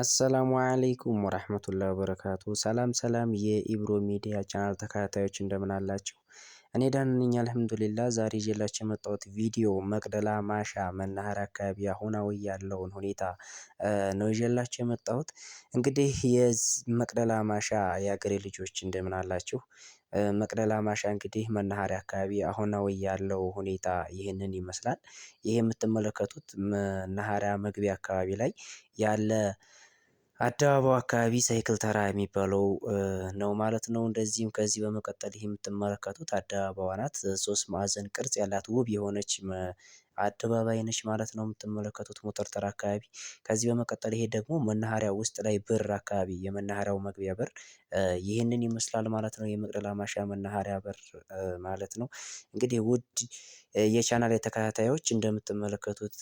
አሰላሙ አለይኩም ወራህመቱላሂ ወበረካቱ። ሰላም ሰላም የኢብሮ ሚዲያ ቻናል ተከታታዮች እንደምን አላችሁ? እኔ ደህና ነኝ አልሀምዱሊላህ ዛሬ ይዤላችሁ የመጣሁት ቪዲዮ መቅደላ ማሻ መናሃሪያ አካባቢ አሁናዊ ያለውን ሁኔታ ነው ይዤላችሁ የመጣሁት። እንግዲህ የመቅደላ ማሻ የሀገሬ ልጆች እንደምን አላችሁ? መቅደላ ማሻ እንግዲህ መናሃሪያ አካባቢ አሁናዊ ያለው ሁኔታ ይህንን ይመስላል። ይህ የምትመለከቱት መናሃሪያ መግቢያ አካባቢ ላይ ያለ አደባባዩ አካባቢ ሳይክል ተራ የሚባለው ነው ማለት ነው። እንደዚህም ከዚህ በመቀጠል ይሄ የምትመለከቱት አደባባይዋ ናት ሶስት ማዕዘን ቅርጽ ያላት ውብ የሆነች አደባባይ ነች ማለት ነው የምትመለከቱት ተር አካባቢ ከዚህ በመቀጠል ይሄ ደግሞ መናሃሪያ ውስጥ ላይ ብር አካባቢ የመናሃሪያው መግቢያ በር ይህንን ይመስላል ማለት ነው የመቅደላ ማሻ መናሃሪያ በር ማለት ነው። እንግዲህ ውድ የቻናል ተከታታዮች እንደምትመለከቱት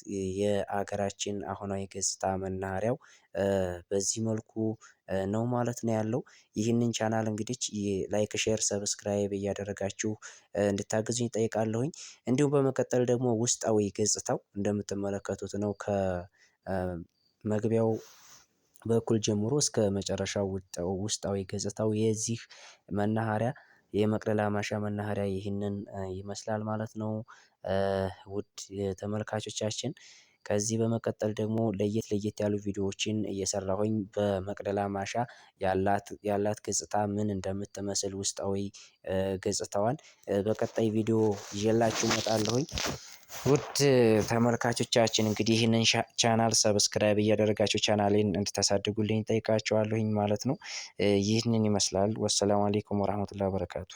የሀገራችን አሁናዊ ገጽታ መናሃሪያው በዚህ መልኩ ነው ማለት ነው ያለው ይህንን ቻናል እንግዲህ ላይክ ሼር ሰብስክራይብ እያደረጋችሁ እንድታግዙኝ ይጠይቃለሁኝ እንዲሁም በመቀጠል ደግሞ ውስጣዊ ገጽታው እንደምትመለከቱት ነው ከመግቢያው በኩል ጀምሮ እስከ መጨረሻው ውስጣዊ ገጽታው የዚህ መናሃሪያ የመቅደላ ማሻ መናሃሪያ ይህንን ይመስላል ማለት ነው። ውድ ተመልካቾቻችን ከዚህ በመቀጠል ደግሞ ለየት ለየት ያሉ ቪዲዮዎችን እየሰራሁኝ በመቅደላ ማሻ ያላት ያላት ገጽታ ምን እንደምትመስል ውስጣዊ ገጽታዋን በቀጣይ ቪዲዮ ይዤላችሁ እመጣለሁኝ። ውድ ተመልካቾቻችን እንግዲህ ይህንን ቻናል ሰብስክራይብ እያደረጋችሁ ቻናሌን እንድታሳድጉልኝ ጠይቃችኋለሁኝ ማለት ነው። ይህንን ይመስላል። ወሰላሙ አሌይኩም ወረህመቱላሂ በረካቱ